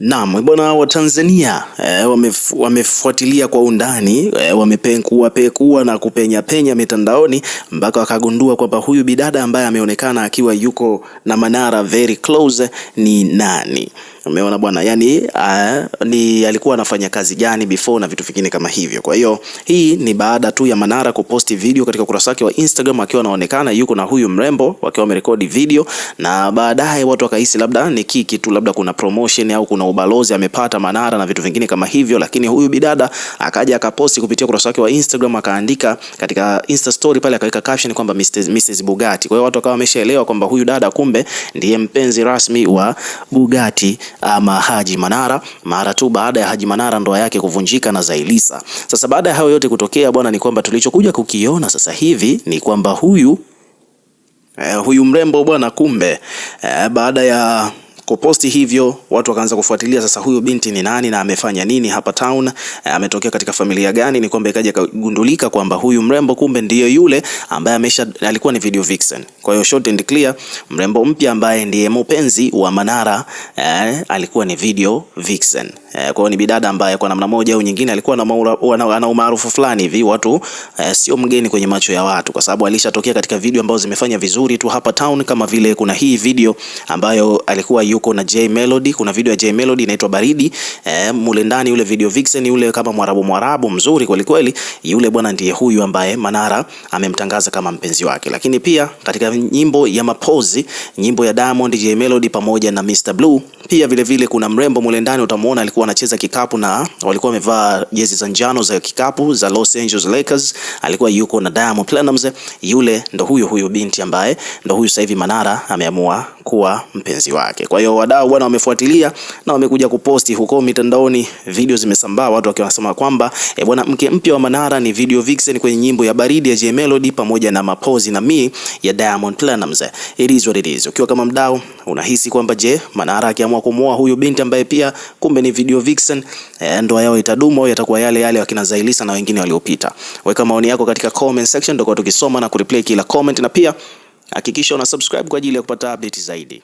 Naam, bwana Watanzania e, eh, wamefuatilia wame kwa undani e, wamepekua pekua na kupenya penya mitandaoni mpaka wakagundua kwamba huyu bidada ambaye ameonekana akiwa yuko na Manara very close ni nani. Umeona bwana, yani uh, ni alikuwa anafanya kazi gani before na vitu vingine kama hivyo. Kwa hiyo hii ni baada tu ya Manara kuposti video katika ukurasa wake wa Instagram akiwa anaonekana yuko na huyu mrembo wakiwa wamerekodi video, na baadaye watu wakahisi labda ni kiki tu, labda kuna promotion au kuna ubalozi amepata Manara na vitu vingine kama hivyo, lakini huyu bidada akaja akaposti kupitia ukurasa wake wa Instagram akaandika katika Insta story pale akaweka caption kwamba Mrs. Mrs. Bugatti. Kwa hiyo watu wakawa wameshaelewa kwamba huyu dada kumbe ndiye mpenzi rasmi wa Bugatti ama Haji Manara mara tu baada ya Haji Manara ndoa yake kuvunjika na Zailisa. Sasa baada ya hayo yote kutokea bwana, ni kwamba tulichokuja kukiona sasa hivi ni kwamba huyu eh, huyu mrembo bwana kumbe eh, baada ya kuposti hivyo, watu wakaanza kufuatilia sasa, huyu binti ni nani na amefanya nini hapa town, eh, ametokea katika familia gani? Ni kwamba ikaja kugundulika kwamba huyu mrembo kumbe ndiyo yule ambaye amesha alikuwa ni video vixen. Kwa hiyo short and clear, mrembo mpya ambaye ndiye mpenzi wa Manara eh, alikuwa ni video vixen eh. Kwa hiyo ni bidada ambaye kwa namna moja au nyingine alikuwa ana umaarufu fulani hivi watu eh, sio mgeni kwenye macho ya watu, kwa sababu alishatokea katika video ambazo zimefanya vizuri tu hapa town, kama vile kuna hii video ambayo alikuwa yu yuko na J Melody. Kuna video ya J Melody inaitwa Baridi eh, mule ndani yule video vixen yule kama mwarabu mwarabu mzuri kweli kweli, yule bwana ndiye huyu ambaye Manara amemtangaza kama mpenzi wake. Lakini pia katika nyimbo ya mapozi, nyimbo ya Diamond, J Melody pamoja na Mr Blue pia vile vile kuna mrembo mule ndani, utamuona alikuwa anacheza kikapu na walikuwa wamevaa jezi za njano za kikapu za Los Angeles Lakers. Alikuwa yuko na Diamond Platnumz, yule ndo huyo huyo binti ambaye ndo huyu sasa hivi Manara ameamua kuwa mpenzi wake. Kwa hiyo wadau bwana wamefuatilia na wamekuja kuposti huko mitandaoni, video zimesambaa, watu wakiwa wanasema kwamba e, bwana mke mpya wa Manara ni Video Vixen kwenye nyimbo ya Baridi ya J Melody pamoja na Mapozi na mi ya Diamond Platnumz. It is what it is. Ukiwa kama mdau unahisi kwamba je, Manara akiamua kumwoa huyu binti ambaye pia kumbe ni Video Vixen, e, ndoa yao itadumu au yatakuwa yale yale wakina Zailisa na wengine waliopita? Weka maoni yako katika comment section, ndio tukisoma na kureply kila comment na pia Hakikisha una subscribe kwa ajili ya kupata update zaidi.